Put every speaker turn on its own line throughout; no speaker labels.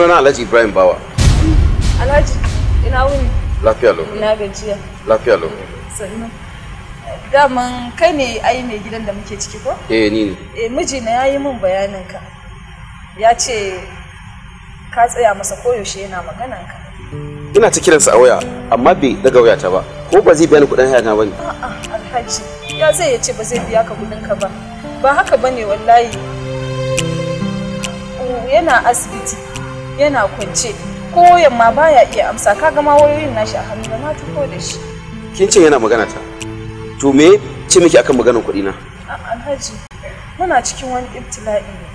sunana Alhaji Ibrahim Bawa.
Alhaji, ina wuni? Lafiya lo. Ina gajiya. Lafiya lau. Sannan. Daman kai ne ai mai gidan da muke ciki ko? Eh ni ne. Eh mijina ya yi min bayanin ka. Ya ce ka tsaya masa koyaushe yana maganan ka.
Ina ta kiransa a waya amma bai daga wayata ba. Ko ba zai biya ni kuɗin haya na bane?
A'a Alhaji, ya zai ya ce ba zai biya ka kudin ka ba. Ba haka bane wallahi. Yana asibiti. yana kwance ko yamma baya iya amsa kaga ma wayoyin nashi a hannu na tuko da shi
kin ce yana magana ta to me ce miki akan maganar kuɗi na
alhaji muna cikin wani ibtila'i ne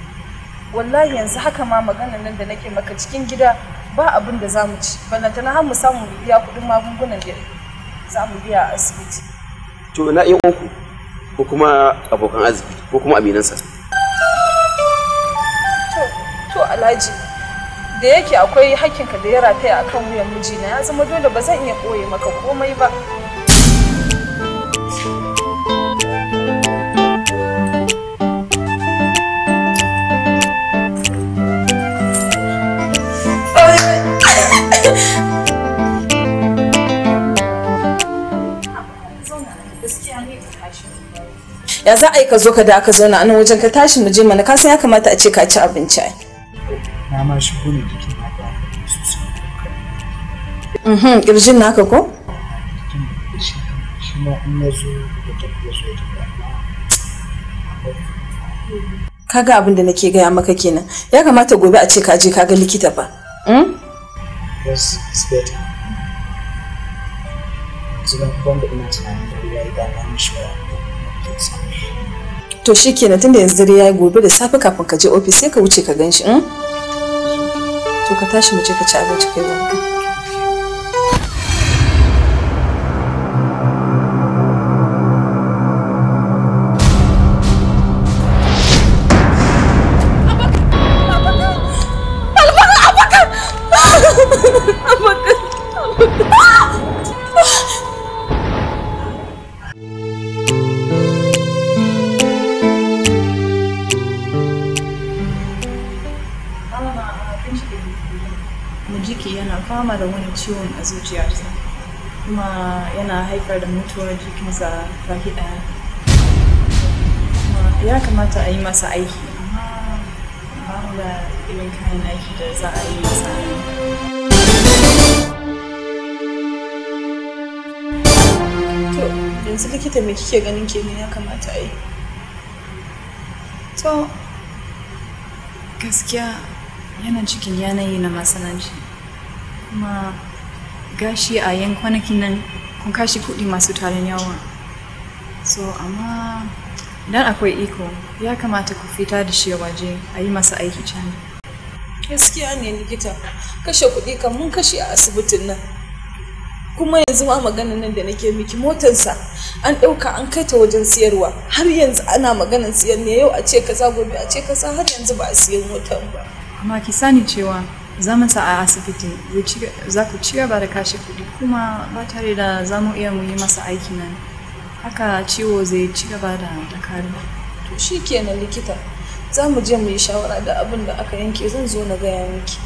wallahi yanzu haka ma maganar nan da nake maka cikin gida ba abin da zamu ci ballanta na har mu samu biya kuɗin magungunan da za mu biya a asibiti
to na yi uku ko kuma abokan arziki ko kuma aminansa to
to alhaji da yake akwai ka da ya rataya a kan wuyan mijina ya zama dole ba zan iya koye maka komai ba ya za a yi ka zo ka da aka zauna a nan wajen ka tashi mu je mana ka san ya kamata a ce ka ci abinci ai
na shigo ne jiki na ba sosai
ƙirjin mhm, kirjin naka ko
shi ma in na zo da tafiya zo da
kaga abin da nake gaya maka kenan ya kamata gobe a ce ka je kaga likita hmm? ba
kuma da ina tunanin da ya yi da
to shi kenan tunda yanzu dare ya yi gobe da safe kafin ka je ofis sai ka wuce ka gan shi hmm? to ka tashi mu je ka ci abinci kai wanka
zuciyarsa kuma yana haifar da mutuwar jikinsa baki ɗaya ya kamata a yi masa aiki amma ba da irin kayan aiki da za a yi masa
to
yanzu likita mai kike ganin kenan ya kamata a yi
to gaskiya yana cikin yanayi na masananci kuma gashi a yan kwanakin nan kun kashi kuɗi masu tarin yawa so amma idan akwai iko ya kamata ku fita da shi waje a yi masa aiki can
gaskiya ne likita kashe kudi kan mun kashe a asibitin nan kuma yanzu ma maganan nan da nake miki motarsa an ɗauka an kai ta wajen siyarwa har yanzu ana maganan siyar ne yau a ce kaza gobe a ce kaza har yanzu ba a siyan motar ba
amma ki sani cewa za sa a asibiti za ku ci gaba da kashe kuɗi kuma ba tare da za mu iya muyi masa aiki nan haka ciwo zai ci gaba da takari to shi kenan likita
za mu je mu yi shawara da abin da aka yanke zan zo na gaya miki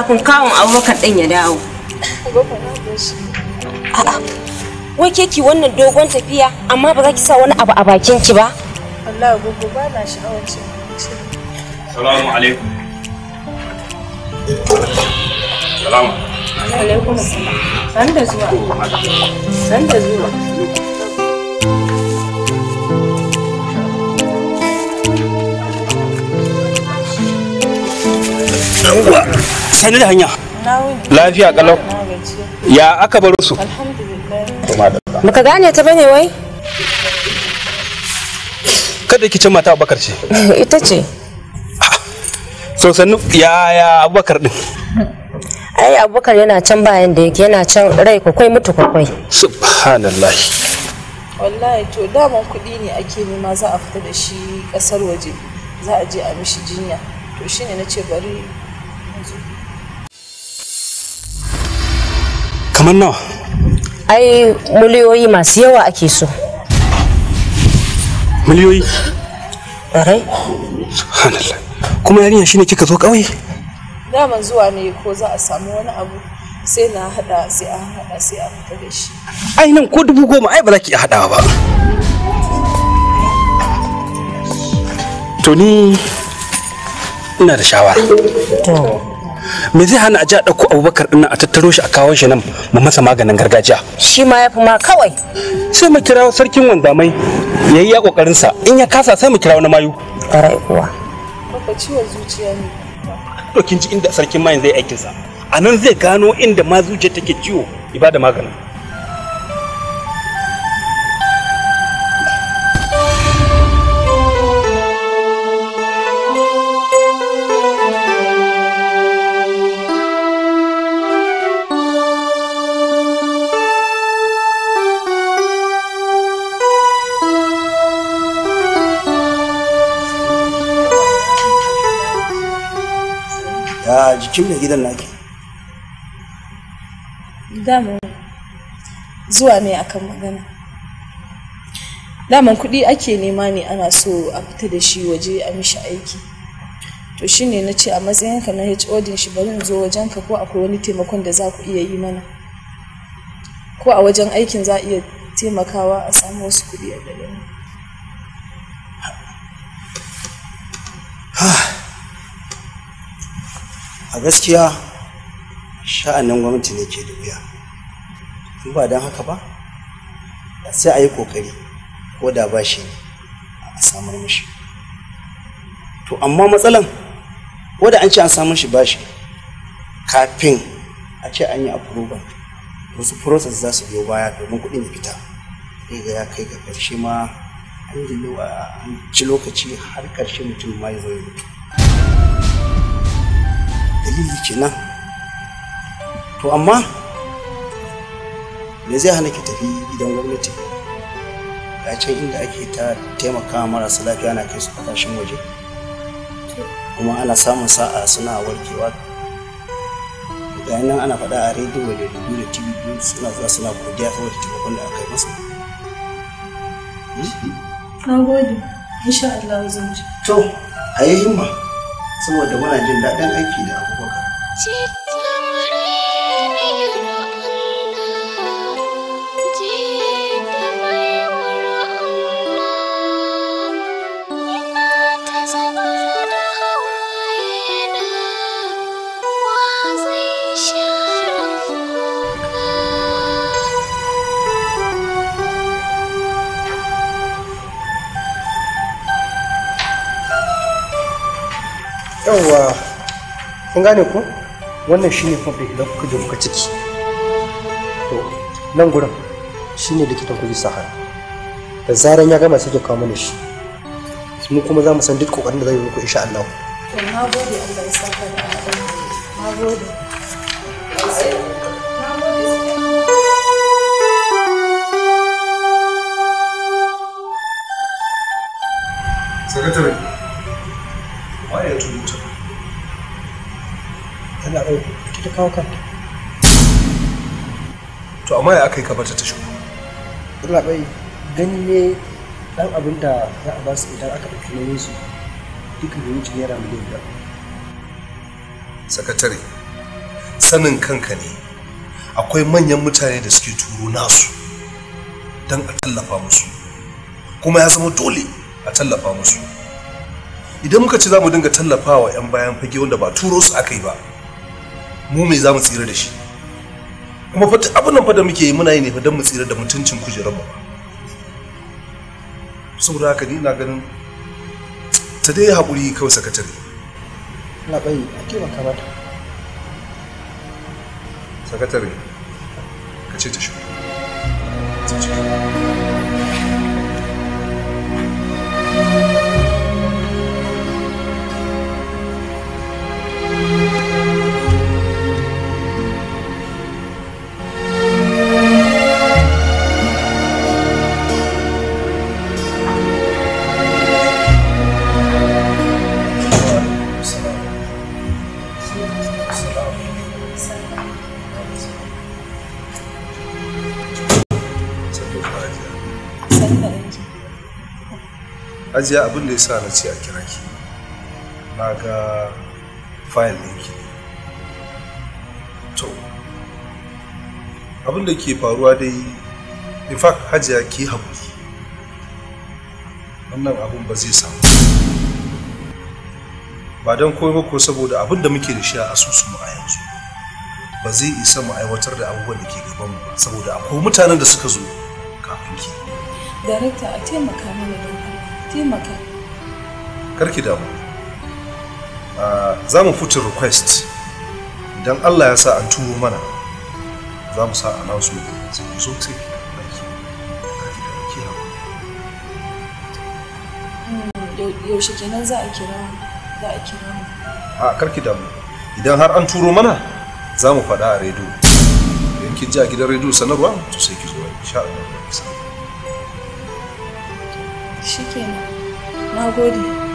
kafin kawun abubakar ɗin ya dawo. Wai keki wannan dogon tafiya amma ba za ki sa wani abu a bakin ki ba? Allah gogo ba na sha'awar cin
Salamu alaikum. Salamu.
Alaikum salam. San da zuwa.
San da zuwa.
Yawwa. sani da hanya lafiya kalau ya aka baro su baka gane ta bane wai kada ki ce mata abubakar ce ita ce so sannu ya abubakar din
ai abubakar yana can bayan da yake yana can rai kwakwai
mutu kwakwai subhanallah
wallahi to daman kuɗi ne ake nema za a fita da shi ƙasar waje za a je a mishi jinya to shine na ce bari kamar nawa ai miliyoyi masu yawa ake so
miliyoyi ƙarai kuma yarinya shine kika zo ƙauye
daman zuwa ne ko za a samu wani abu sai na hada sai a hada sai a
fita da shi ai nan ko dubu goma ai ba za ki hada ba to ni ina da shawara to me zai hana a ji a ɗauko abubakar ɗin a tattaro shi a kawo shi nan mu masa maganin gargajiya shi ma ya fi ma kawai sai mu kira sarkin wandamai ya yi ya ƙoƙarinsa in ya kasa sai mu kira wani mayu
ƙarai kuwa
baka ciwon zuciya ne
ɗaukin ji inda sarkin mayin zai aikinsa a nan zai gano inda ma zuciya take ciwo ibada maganin cikin mai gidan naki
zuwa ne akan magana daman kuɗi ake nema ne ana so a fita da shi waje a mishi aiki to shi ne na ce a matsayinka na HOD shi bari zo zo ka ko akwai wani taimakon da za ku iya yi mana ko a wajen aikin za a iya taimakawa a samu wasu kuɗi a gare mu
a gaskiya sha'anin gwamnati ne ke da wuya in ba don haka ba sai a yi kokari ko da ba shi a samar mashi to amma matsalan ko da an ce an samar shi ba shi kafin a ce an yi approval wasu process za su biyo baya domin kuɗin ya fita ga ya kai ga karshe ma an ci lokaci har karshe mutum ma ya zo ya mutu dalili kenan to amma me zai hana ki tafi idan gwamnati ya can inda ake ta taimaka marasa lafiya na kai su kasashen waje kuma ana samun sa'a suna warkewa ga nan ana faɗa a rediyo da rediyo da tv suna zuwa suna godiya saboda taimakon da aka yi masa. Hmm?
na gode
insha Allah zan ji
to a yi himma saboda muna jin daɗin aiki da abubakar yawwa kun gane ku wannan shine fafi idan kuka je kuka ciki to nan gurin shine likitan kuji sahara da zaran ya gama sai ki kawo mana shi mu kuma za mu san duk kokarin da zai yi muku insha Allah
na gode Allah ya saka da
na gode
Secretary haka to amma ya aka yi kabata ta shigo ina bai gani ne dan abin da za a ba su idan aka ɗauki nauyin su duka da wuce naira miliyan biyar sakatare sanin kanka ne akwai manyan mutane da suke turo nasu don a tallafa musu kuma ya zama dole a tallafa musu idan muka ci za mu dinga tallafa wa 'yan bayan fage wanda ba turo su aka yi ba mu me za mu tsira da shi kuma fa abin nan fa da muke yi muna yi ne fa don mu tsira da mutuncin kujerar mu saboda haka ni ina ganin ta dai haƙuri kawai sakatare na bai a taimaka mata sakatare ka ce ta shi Thank you. hajiya abin da ya sa na ce a kira ki na ga fayil ɗinki to abin da ke faruwa dai in fact hajiya ki haƙuri wannan abin ba zai samu ba don komai ba ko saboda abin da muke da shi a asusu mu a yanzu ba zai isa mu aiwatar da abubuwan da ke gabanmu ba saboda akwai mutanen da suka zo kafin ki.
Darakta a taimaka mana da taimaka
karki damu ah, za mu fuce request idan allah ya sa an turo mana za mu sa a nan su sai zo sai
hmm, yaushe kenan za a kira za a kira mu a
ah, karki damu idan har an turo mana za mu faɗa a rediyo idan kin ji a gidan rediyo sanarwa to sai ki zo insha Allah
Shike
na gode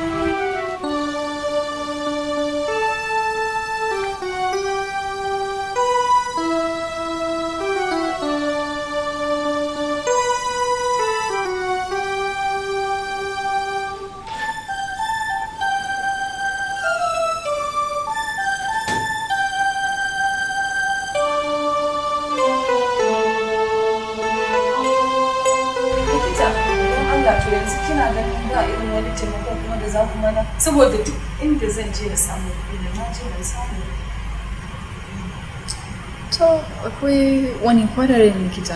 to akwai wani kwararren likita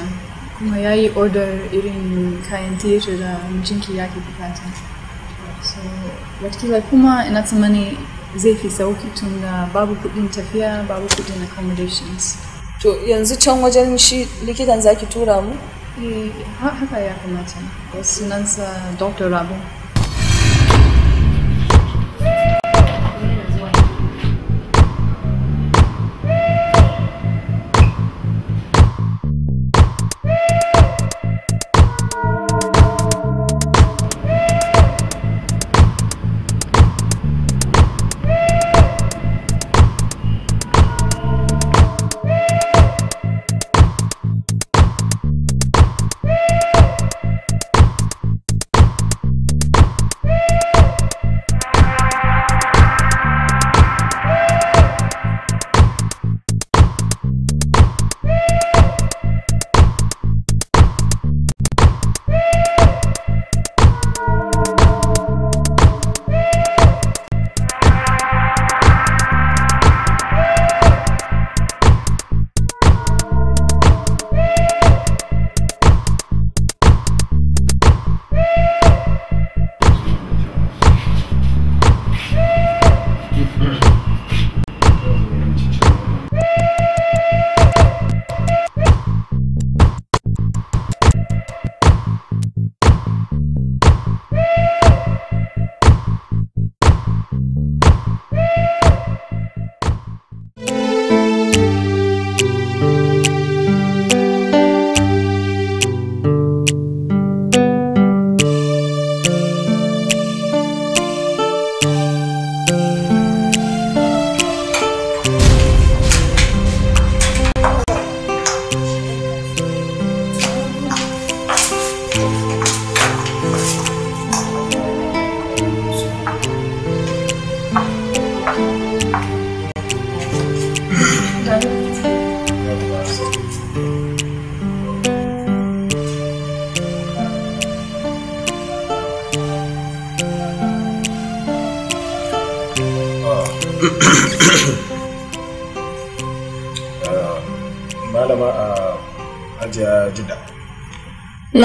kuma ya yi odar irin kayan theater da mijinki ya ke bukata so watakila kuma ina tsammani zai fi sauki tun da babu kudin tafiya babu kudin accommodations to yanzu can wajen shi likitan zaki tura mu eh, haka ya kamata wasu sa dr rabu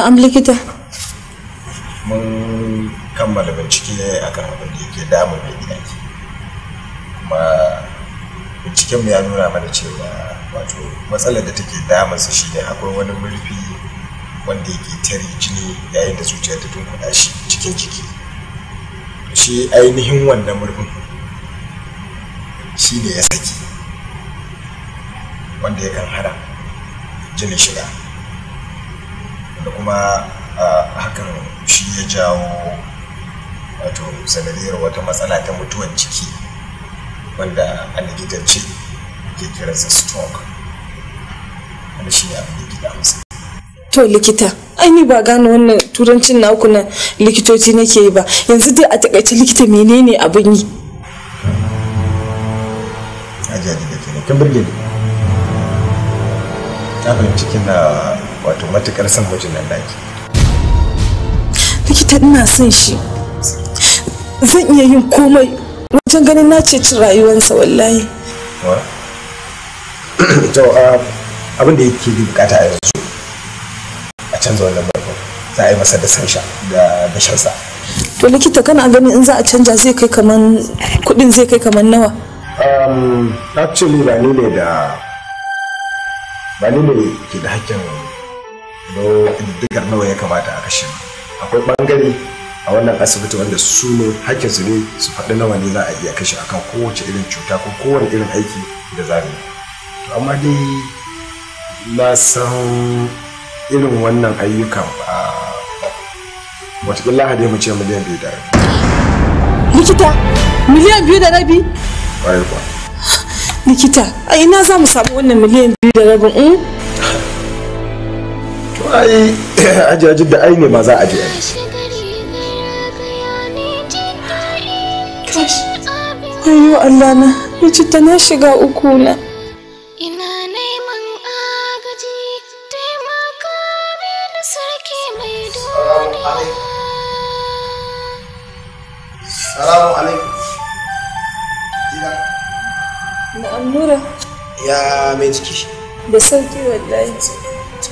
amli likita
mun kammala bincike akan abin da yake damu mai gina ke kuma binciken mu ya nuna mana cewa wato matsalar da take su shi ne akwai wani murfi wanda yake tare jini yayin da zuciya ta tunkuɗa shi cikin jiki shi ainihin wannan murfin shi ne ya saki wanda ya kan hana jinin shiga da kuma ah, hakan shi ya jawo wato sanadiyar wata matsala ta mutuwan ciki wanda a
likitance ke kiransa stroke wanda shi ne abin da ke masa
to likita ai ni ba gano wannan turancin naku na likitoci nake yi ba yanzu dai a takaice likita menene abin yi
ajiya da ke kin kan birgin ta cikin na. wato matukar son mijin nan daki
likita ina son shi zan iya yin komai wajen ganin na ceci rayuwarsa wallahi
to um, abin da yake bukata a yanzu a canza wannan barkon za a yi masa da sansha da gashinsa
to likita kana ganin in za a canja zai kai kaman kudin zai kai kaman nawa
um actually ba ni ne da ba ni ne ke da hakkin diddigar nawa ya kamata a kashe akwai bangare a wannan asibiti wanda su ne hakkin su ne su faɗi nawa ne za a iya kashe akan kowace irin cuta ko kowane irin aiki da za mu to amma dai na san irin wannan ayyukan ba watakila hade mu ce miliyan biyu da rabi likita
miliyan biyu da rabi likita a ina za mu samu wannan miliyan biyu da rabin hmm?
ai ajajin da ai ne ma za a je
ayyo Allah na yace ta na shiga uku na ina neman agaji taimaka mini
sarki mai duniya salamu alaikum na annura ya mai jiki
da sauki wallahi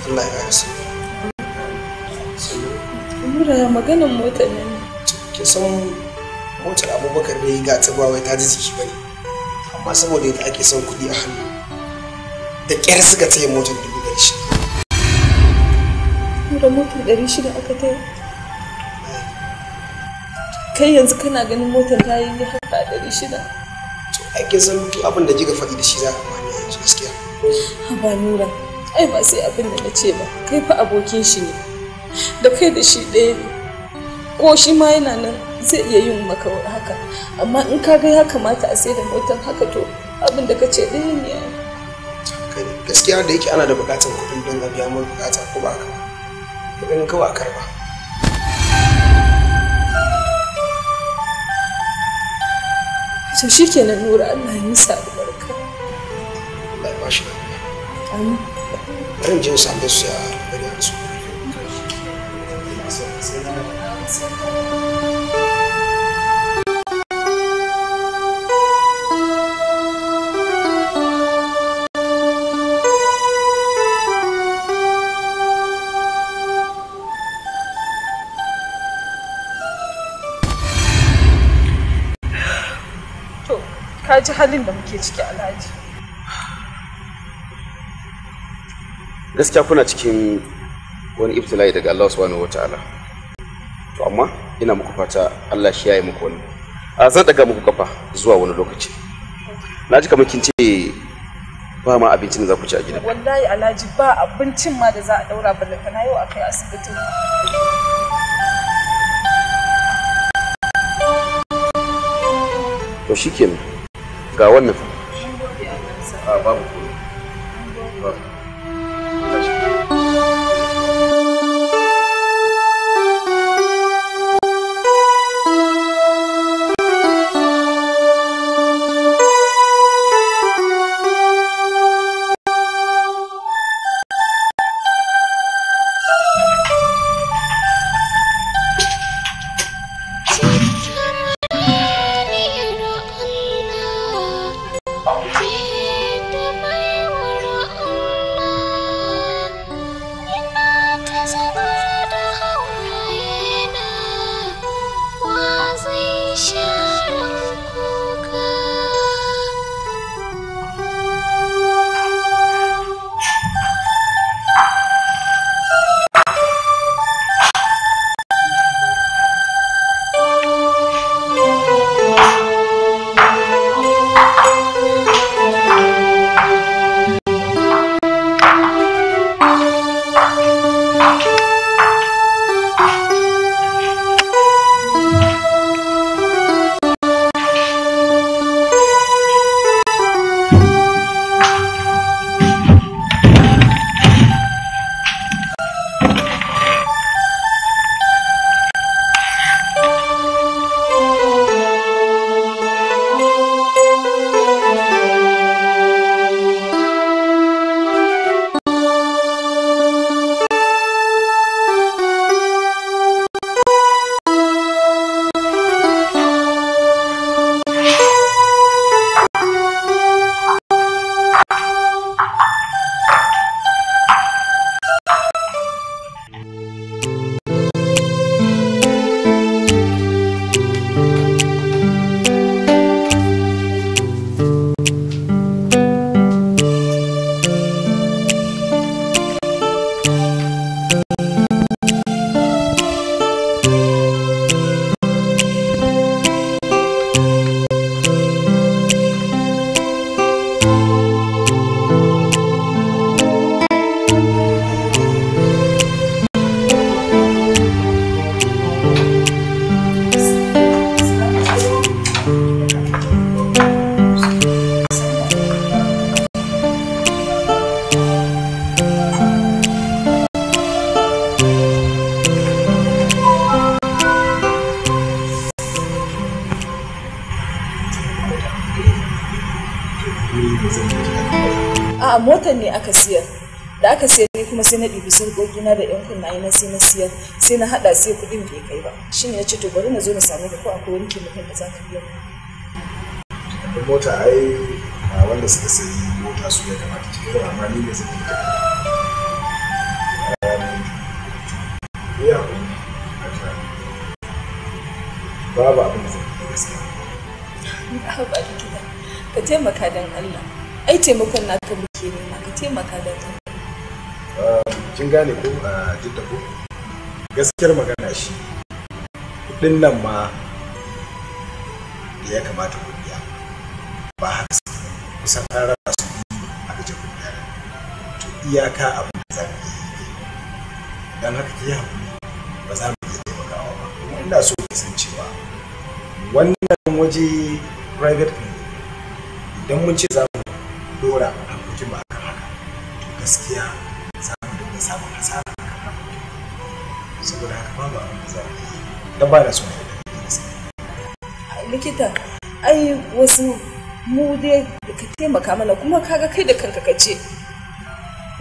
Allah ya rasu nura maganan mota ne
ki san motar abubakar ne ga ta ba wai ta ji jiki bane amma saboda yadda ake son kuɗi a hannu da ƙyar suka taya motar dubu ɗari shida
nura motar ɗari shida aka taya kai yanzu kana ganin motar ta yi haka a ɗari shida
to ake son duk abin da kika faɗi da shi za ma ne yanzu gaskiya
ba nura ai ba sai abin da na ce ba kai fa abokin shi ne da kai da shi ɗaya ne ko shi ma yana nan zai iya yin maka haka amma in ka ga ya kamata a sai da motar haka to abin da ka ce ɗaya ne
gaskiya da yake ana da bukatar kuɗin don a biya mun bukata ko ba ka kuɗin kawai a karba
to shi nan nura allah ya musa barka allah ya ba shi amin
bari in je in same su ya
bari a su ka
ji halin da muke ciki alhaji
gaskiya kuna cikin wani ibtila'i daga Allah subhanahu ta'ala to amma ina muku fata Allah shi yayi muku wani a zan daga muku kafa zuwa wani lokaci na ji kamar kin ce ba ma abincin da za ku ci a gida
wallahi alhaji ba abincin ma da za a daura ballantana yau kai asibitin
to shikenan ga wannan
babu
sai na haɗa sai kuɗin bai kai ba shi ne ya ce to bari na zo na
samu da ko akwai wani kimikan da za ka biya abin mota ai ba wanda suka sayi mota su ya kamata cikin yawa amma ni ne zai ta ya babu abin da zai yi
gaskiya ka taimaka don Allah ai taimakon naka muke ne ka taimaka don
Allah kin gane ko a ah, duk da ko gaskiyar magana shi kudin nan ma da ya kamata ku biya ba haka su kusan an raba su biyu a gajen kun to iyaka abin da za mu yi don haka ki haƙuri ba za mu iya taimakawa ba kuma ina so ku san cewa wannan waje private ne idan mun ce za mu dora harkokin ba haka to gaskiya za mu dinga samun hasara saboda haka babu abin da za a yi dan ba na so ne da
likita ai wasu mu dai da ka taimaka mana kuma kaga kai da kanka ka ce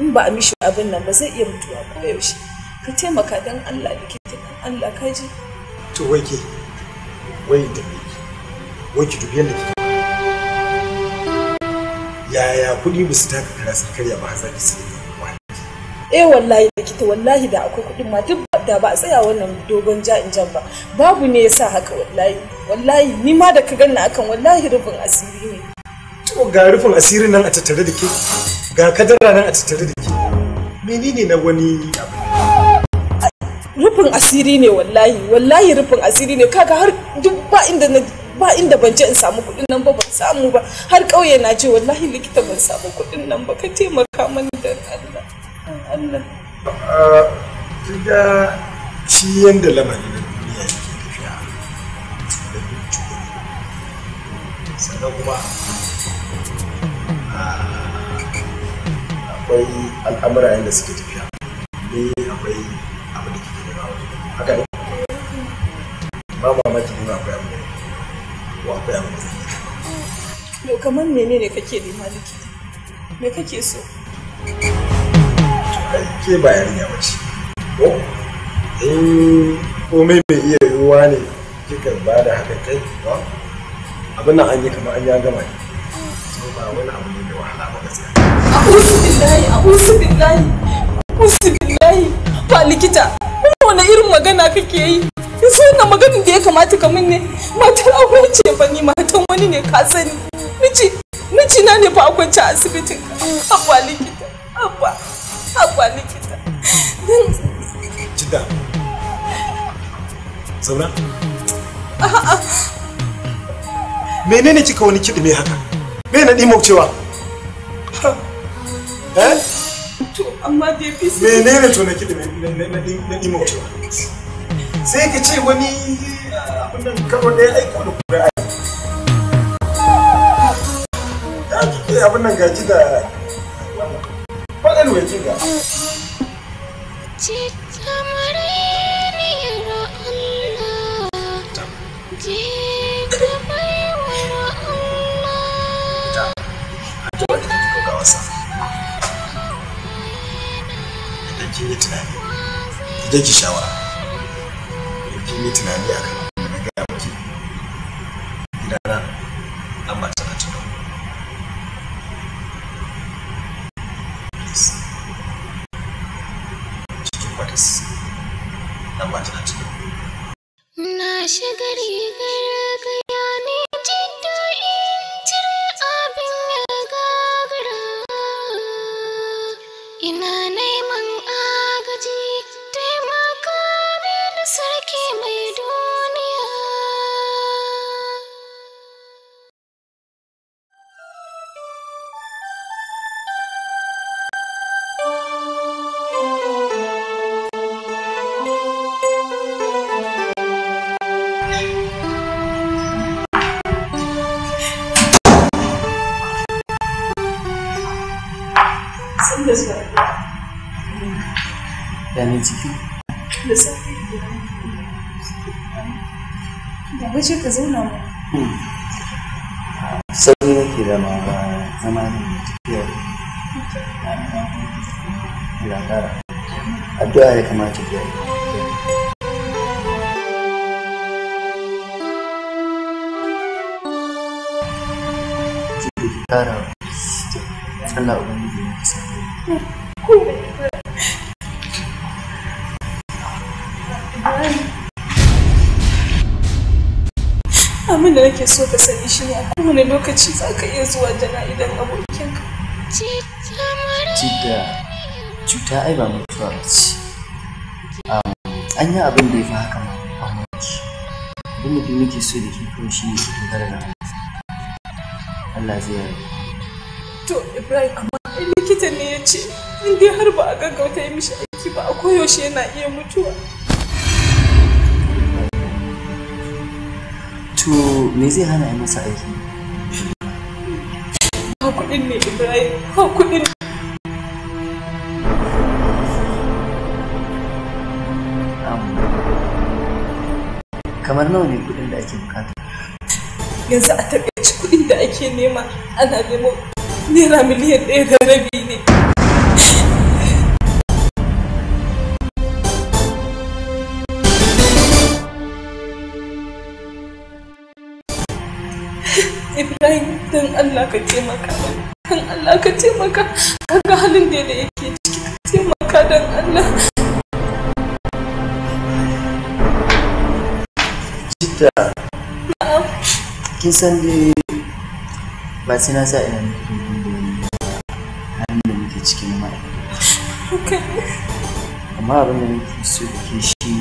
in ba a mishi abin nan ba zai iya mutuwa ko yaushe ka taimaka don Allah likita dan Allah ka ji
to wai ke wai da wai ki dubi yadda kike yaya kuɗi ba su taka kara sun karya ba za ki sai
eh wallahi ta wallahi da akwai kuɗin ma duk da ba a tsaya wannan dogon ja'in jan ba babu ne yasa haka wallahi wallahi ni ma da ka ganna akan wallahi rufin asiri ne
to ga rufin asiri nan a tattare da ke ga kadara nan a tattare da ke menene na wani
abu rufin asiri ne wallahi wallahi rufin asiri ne kaga har duk ba inda na ba inda ban je in samu kuɗin nan ba ban samu ba har ƙauye na je wallahi likita ban samu kuɗin nan ba ka taimaka mani da Allah Allah
ga shi yadda lamari na duniya ke tafiya tsananin cuta sannan kuma ah, akwai al'amura yadda suke tafiya ne akwai abu da ke gina wani haka ne ba akwai abu da akwai abu
da kamar menene kake nema me kake so
ke ba yarinya ba ce ko in eh, komai mai iya ruwa ne kika ba da haka kai ba abin nan an yi kamar an ya gama ne so ba wani
abu ne da wahala ba gaskiya
a'udhu billahi a'udhu billahi a'udhu billahi ba likita wani irin magana kake yi yanzu wannan maganin da ya kamata ka min ne matar akwai ce fa ni matan wani ne ka sani miji miji na ne fa akwai ci asibitin abba likita abba Haba likita.
cidda Zauna. Menene kika wani kiɗi mai haka? Me na ɗimo cewa? Eh? To, amma Menene to na kiɗi na cewa? Sai ka ce wani eh, abin nan karo aiko da kuma abin nan gaji da But anyway, Jinga. Idan kin yi tunani, idan
washe gari gargaya
zama zama ne mai tafiyar ya ƙara
addu'a ya kamata ya yi ƙara sallah ubangiji ne
abin da nake so ka sani shi ne a ne lokaci za ka iya zuwa jana'idan abokinka
jidda cuta ai ba mutuwa ba ce an yi abin da ya fi haka ma a mulki
abin da nake so da ke kawai shi ne su dogara da Allah zai yarda
to Ibrahim amma likita ne ya ce in dai har ba a gaggauta ya mishi aiki ba a koyaushe yana iya mutuwa
to me zai hana yi masa aiki
ko kuɗin ne ibrahim ko kuɗin
kamar nawa ne kuɗin da ake bukata
yanzu a taƙaice kudin da ake nema ana neman naira miliyan ɗaya da rabi ne wallahi don Allah ka taimaka don Allah ka taimaka kaga halin da da yake ciki ka taimaka don Allah
Jidda
kin san dai ba sai na sa ina miki
halin da muke cikin na amma abin da nake so da ke shi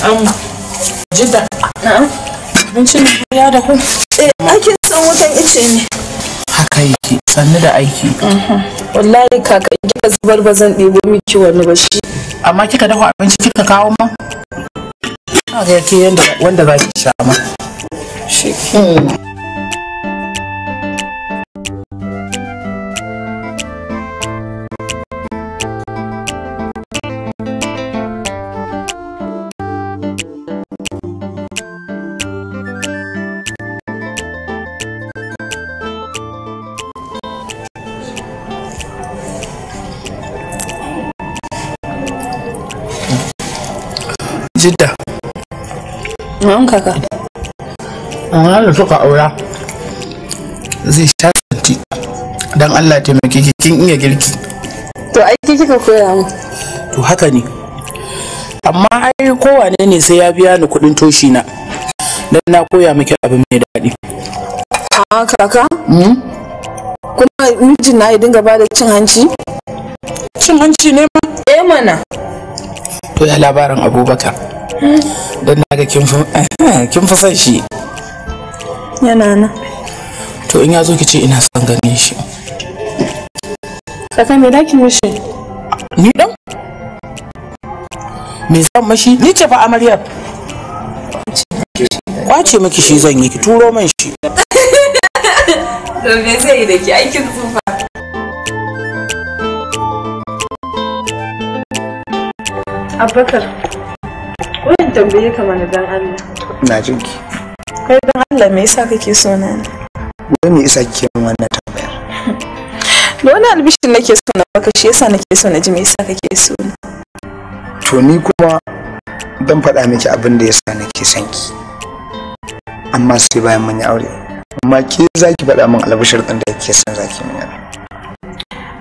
na'am jidda na'am abincin ya da ku eh aikin san wutan ice ne
haka yake sannu da aiki mhm.
wallahi kaka kika zubar ba zan ɗebo miki wani ba shi
amma kika dafa abinci kika kawo ma ga yake wanda za ki sha
ma shi
jidda an kaka amma da suka aura zai sha Dan don allah taimake ki kin iya girki to aiki kika koya mu to haka ne amma ai kowane ne sai ya biya ni kudin toshi na Dan na koya miki abu mai daɗi a ah, kaka hmm?
kuma mijin na ya dinga bada cin hanci cin hanci ne ma eh mana
to da labarin abubakar don na ga kin fi son shi yana nan to in ya zo ki ce ina son ganin shi
tsaka me daki mishi
ni dan me zan mashi ni ce fa amaryar kwace miki shi zan yi ki turo man shi to me zai yi da ki aikin
tsufa Abubakar, wani tambaye ka mana don Allah. Na jin ki. Kai don Allah me yasa kake so na ne?
Wai me yasa kike min wannan tambayar?
Da wani albishin nake so na baka shi yasa nake so na ji me yasa kake so na.
To ni kuma dan faɗa miki abin da yasa nake son ki. Amma sai bayan mun yi aure. Amma ke za ki faɗa min albishir ɗin da kike son za ki min.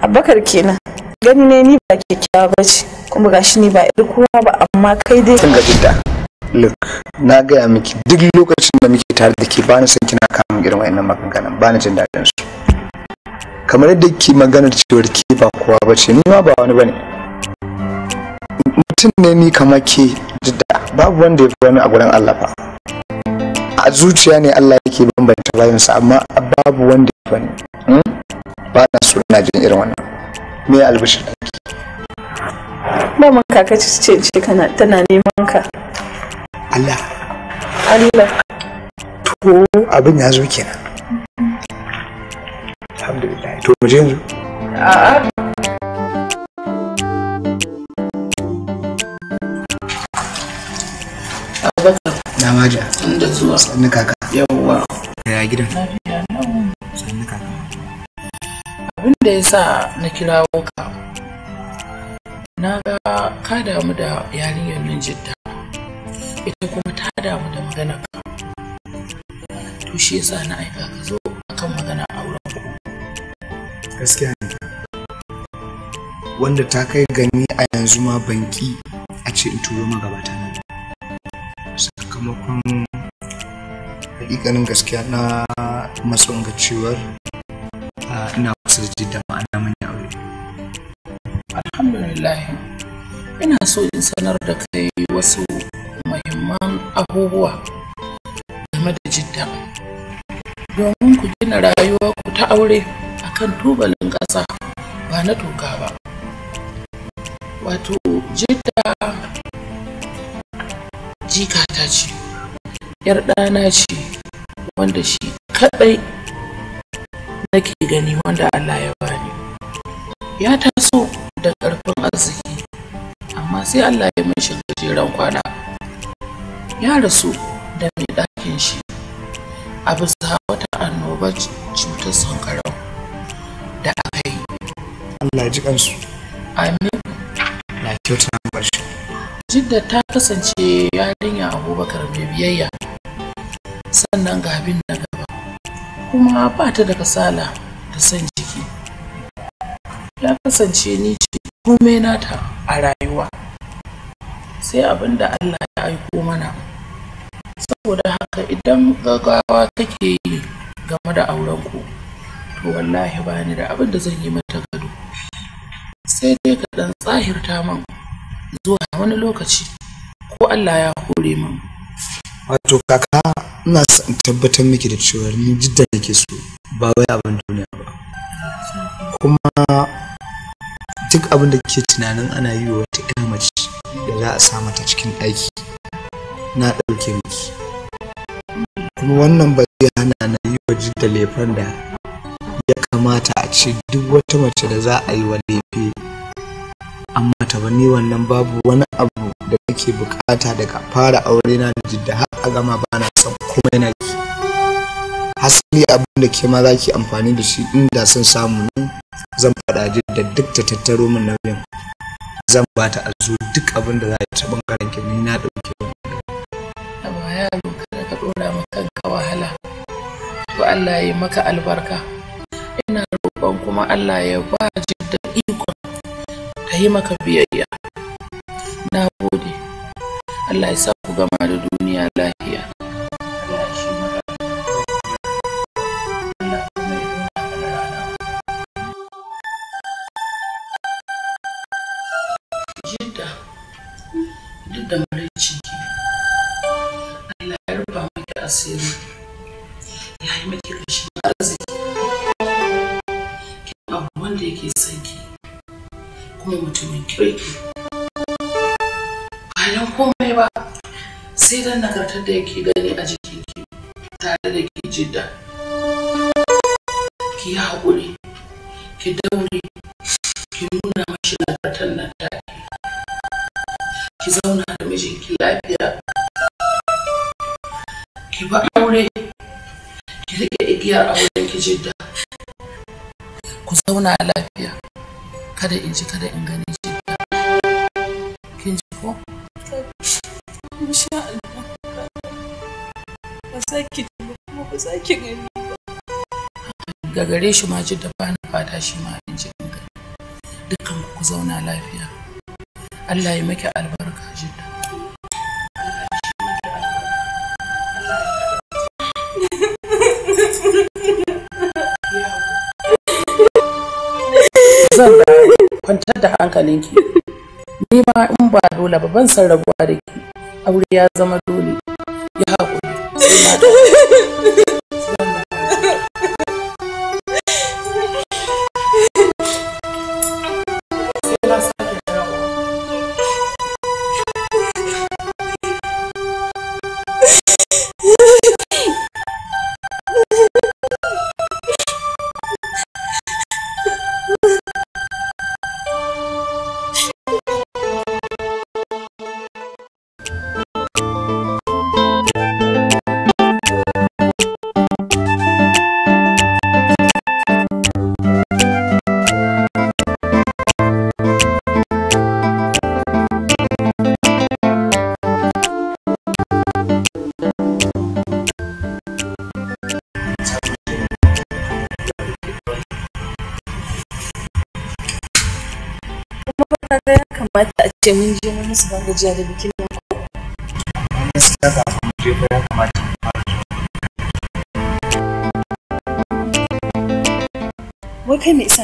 Abubakar kenan. Gani ne ni ba kyakkyawa ba ce. kuma gashi ne ba ir
kowa ba amma kai dai kin da look na gaya miki duk lokacin da muke tare da ke bani son kina kamun irin wayannan maganganun bani jin daɗin su kamar yadda ke maganar cewar ke ba kowa ba ce ni ma ba wani bane mutum ne ni kama ke jidda babu wanda ya fi wani a gurin Allah ba a zuciya ne Allah yake bambanta bayansa amma babu wanda ya wani hmm? ba na so ina jin irin wannan me albishir ake maman
kaka ce ce kana tana neman ka Allah Allah
to abin ya zo kenan alhamdulillah to je yanzu a'a Na maja. Inda zuwa. Sannu kaka. Yawwa. Ya gidan.
Sannu kaka.
Abin da ya sa na kirawo ka na ga ka damu da yarinyar nan jidda ita kuma ta damu da magana ka to shi yasa na aika ka zo akan magana auren ku
gaskiya ne wanda ta kai gani a yanzu ma banki a ce in turo magabata ne sakamakon hakikanin gaskiya na masu cewar ah,
ina kusa da jidda ma'ana alhamdulillah ina so in sanar da kai wasu muhimman abubuwa game da jidda domin ku gina rayuwa ku ta aure akan tubalin ƙasa ba na toka ba wato jidda jikata ce yar ɗana ce wanda shi kaɗai nake gani wanda allah ya bani ya taso da ƙarfin arziki amma sai Allah ya mashi gajeren kwana ya rasu da mai ɗakin shi a bisa wata annoba cutar sankarau da aka yi Allah ya ji kansu amin na kyauta na shi. jidda ta kasance yarinya abubakar mai biyayya sannan ga abin na gaba kuma ba ta da kasala da son jiki na kasance ni ce komai nata a rayuwa sai abin da Allah ya aiko mana saboda haka idan gaggawa take yi game da aurenku to wallahi ba ni da abinda zan yi mata gado sai dai ka ɗan tsahirta min zuwa wani lokaci ko Allah ya hore min wato kaka
ina son tabbatar miki da cewa ni jidda nake so ba wai abin duniya ba kuma duk abin da ke tunanin ana yi wa wata ɗan mace da za a sa ta cikin aiki, na ɗauke miki kuma wannan ba zai hana na yi wa jidda laifin da ya kamata a ce duk wata mace da za a yi wa laifi amma ta bani wannan babu wani abu da kake bukata daga fara aure na da jidda har a gama bana son komai na ki hasali abin da ke ma za ki amfani da shi inda sun samu nan zan faɗa da duk ta tattaro min nauyin zan ba ta a zo duk abin da za ta bangaren ki ni na ɗauke ba.
Amma yaro kada ka ɗora
ma kanka wahala to Allah ya maka albarka ina roƙon kuma Allah ya ba da ikon ta yi maka biyayya. Na gode Allah ya sa ku gama da duniya lafiya. asiri ya yi maki rashin arziki kin abu wanda yake sanki kuma mutumin kirki bayan komai ba sai dan nagartar da yake gani a jikinki tare da ke jidda ki yi haƙuri ki daure ki nuna ki ba aure ki rike igiyar auren ki jidda ku zauna lafiya kada in ji kada in gani jidda kin ji ko insha
Allah
ba za ki ba za ki gani
ga gare shi ma jidda ba na fata shi ma in ji in gani dukkan ku zauna lafiya Allah
ya maki albarka jidda
zan kwantar da hankalinki ni ma in ba dole ba ban san rabuwa da aure ya zama dole ya haƙuri
ce mun
je mun musu jiya da bikin nan ko?
Gaskiya kafin mu je ya kamata mu
Wai
kai me isa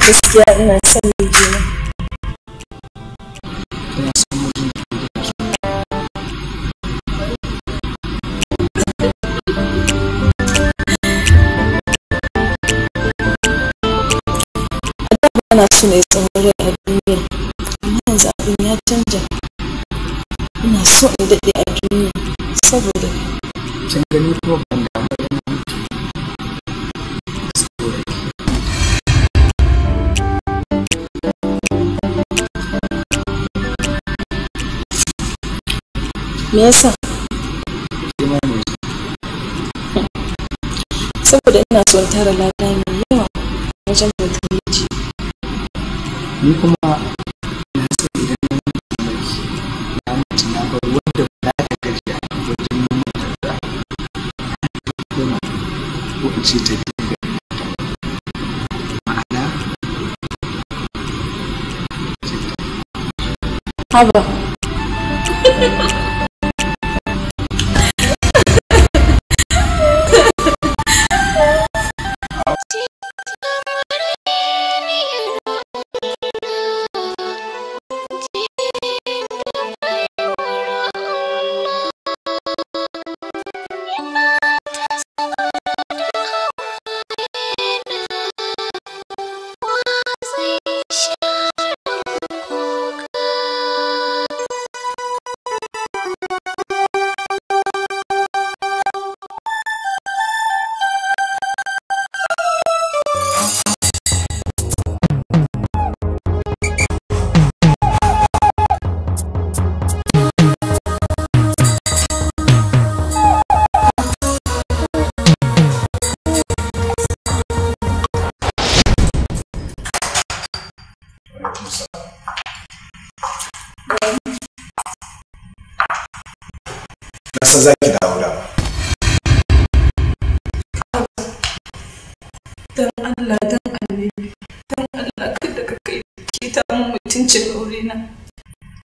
gaskiya ina son mijina ina son mijina so yi a duniya amma ya canza, ina so in daɗe a duniya saboda kin gani
me yasa saboda ina
son tara lada mai yawa wajen bautar miji ni kuma na san idan na mutu bar wanda ba ta gaji a wajen nuna tarda kuma ko in ce ta dinga ma'ana haba
sun cika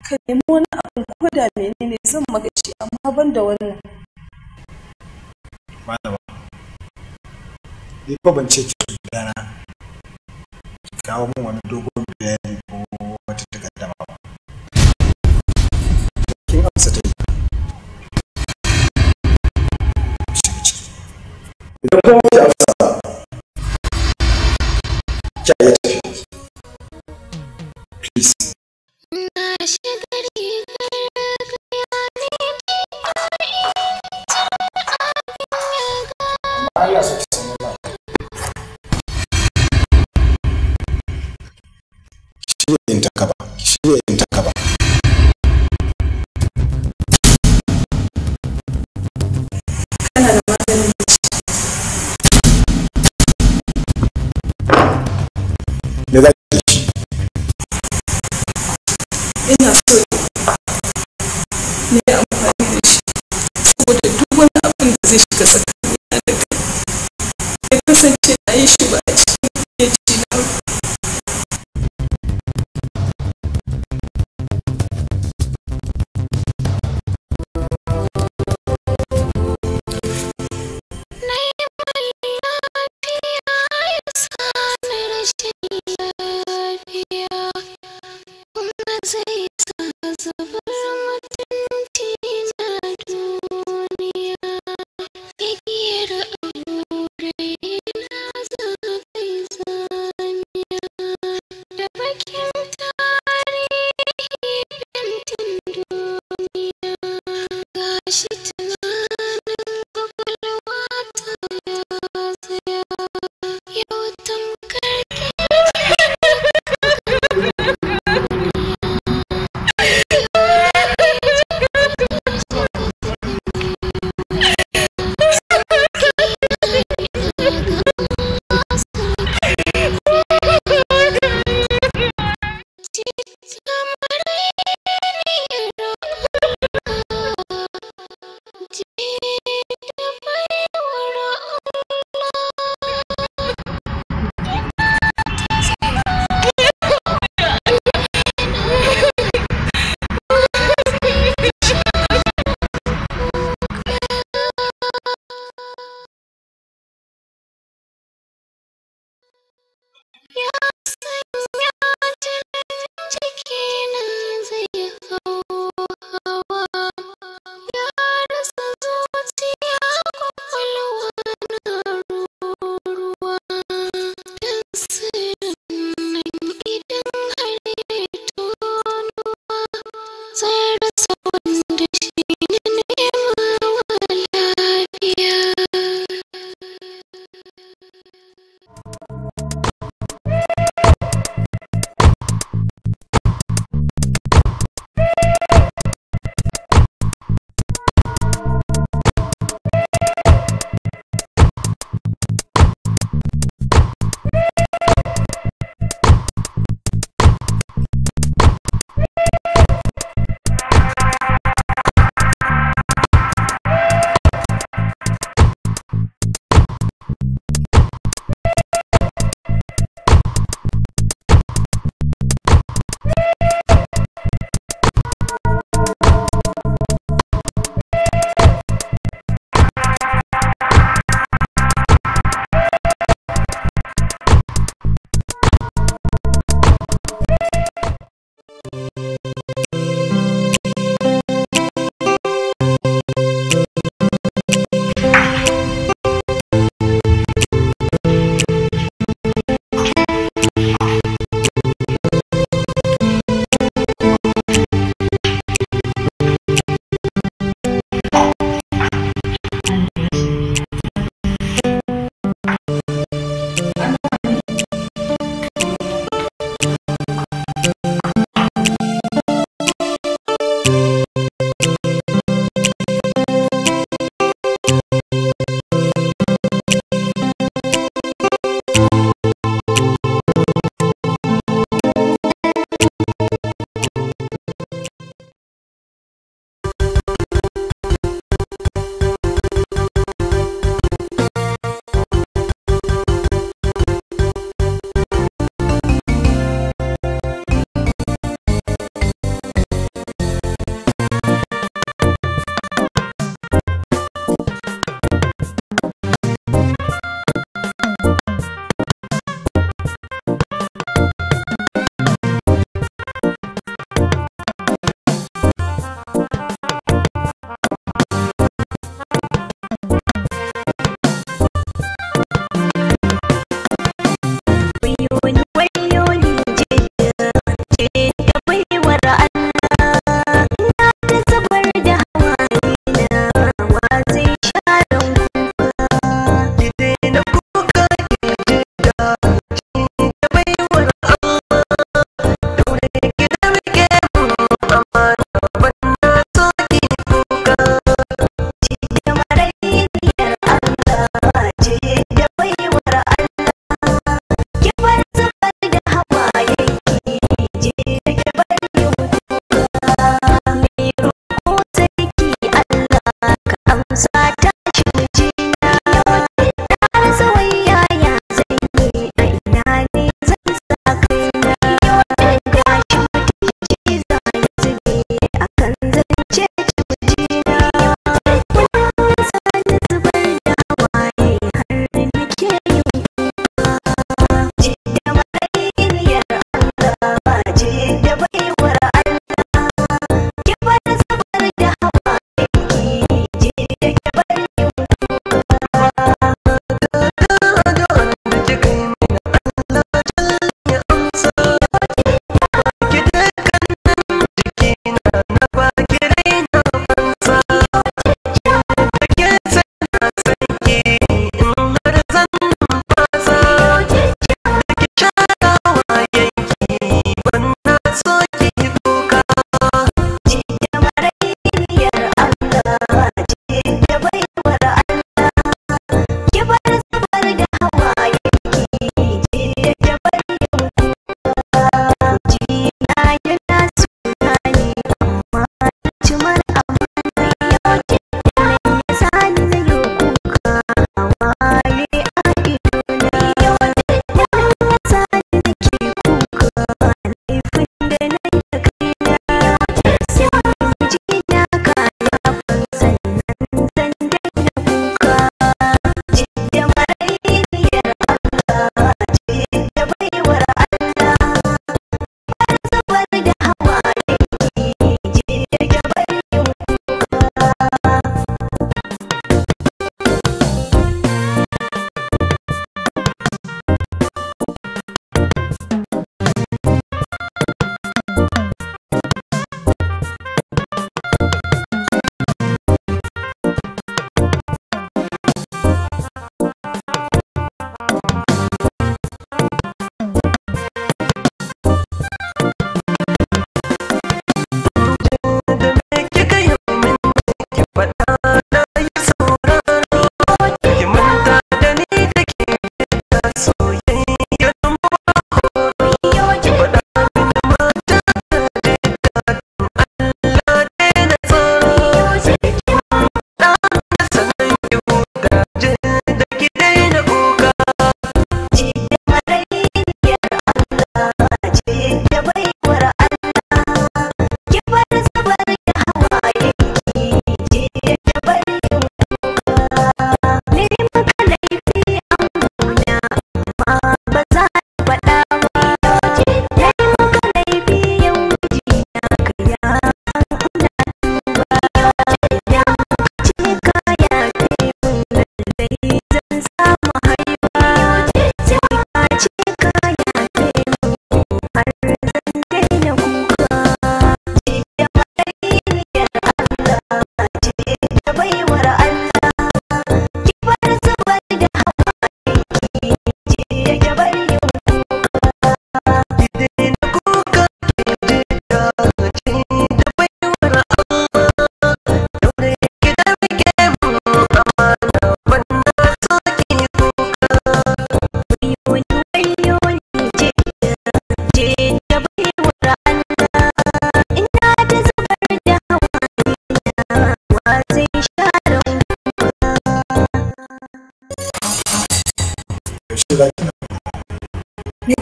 ka nemi wani abin ko da menene zan maka shi amma ban da wannan
malama
ni fa ban ce ki gana ki kawo min wani dogon bayani ko wata takaddama ba
kin amsa ta yi idan kuma ki amsa Ashe gari Allah su Shirya ta kaba, shirya ta kaba. Kana da maganin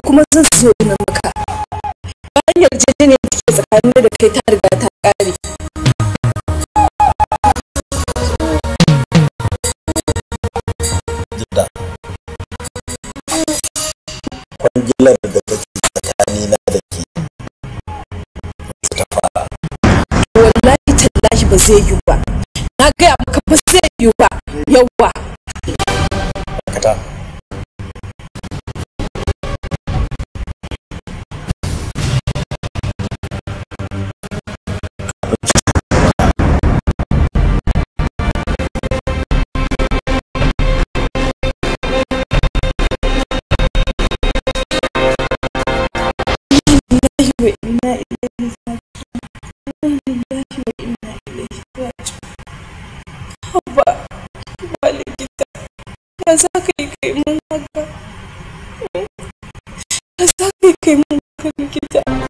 kuma zan so na maka bayan yarjejeniyar ne take tsakanin da kai ta riga ta kare kwangilar wallahi tallahi ba zai yi ba na
gaya maka ba zai yi ba yawa
ya za kai mun haka ya kai likita me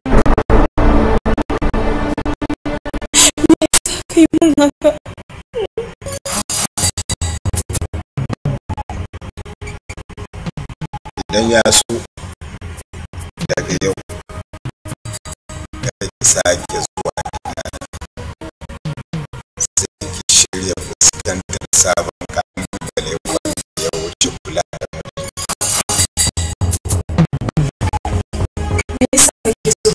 ya za ka yi mun idan ya so daga yau ga sake is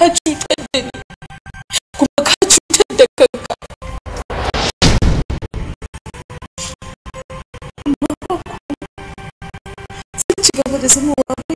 ka cutar da ni kuma ka cutar da kanka amma ci gaba da zama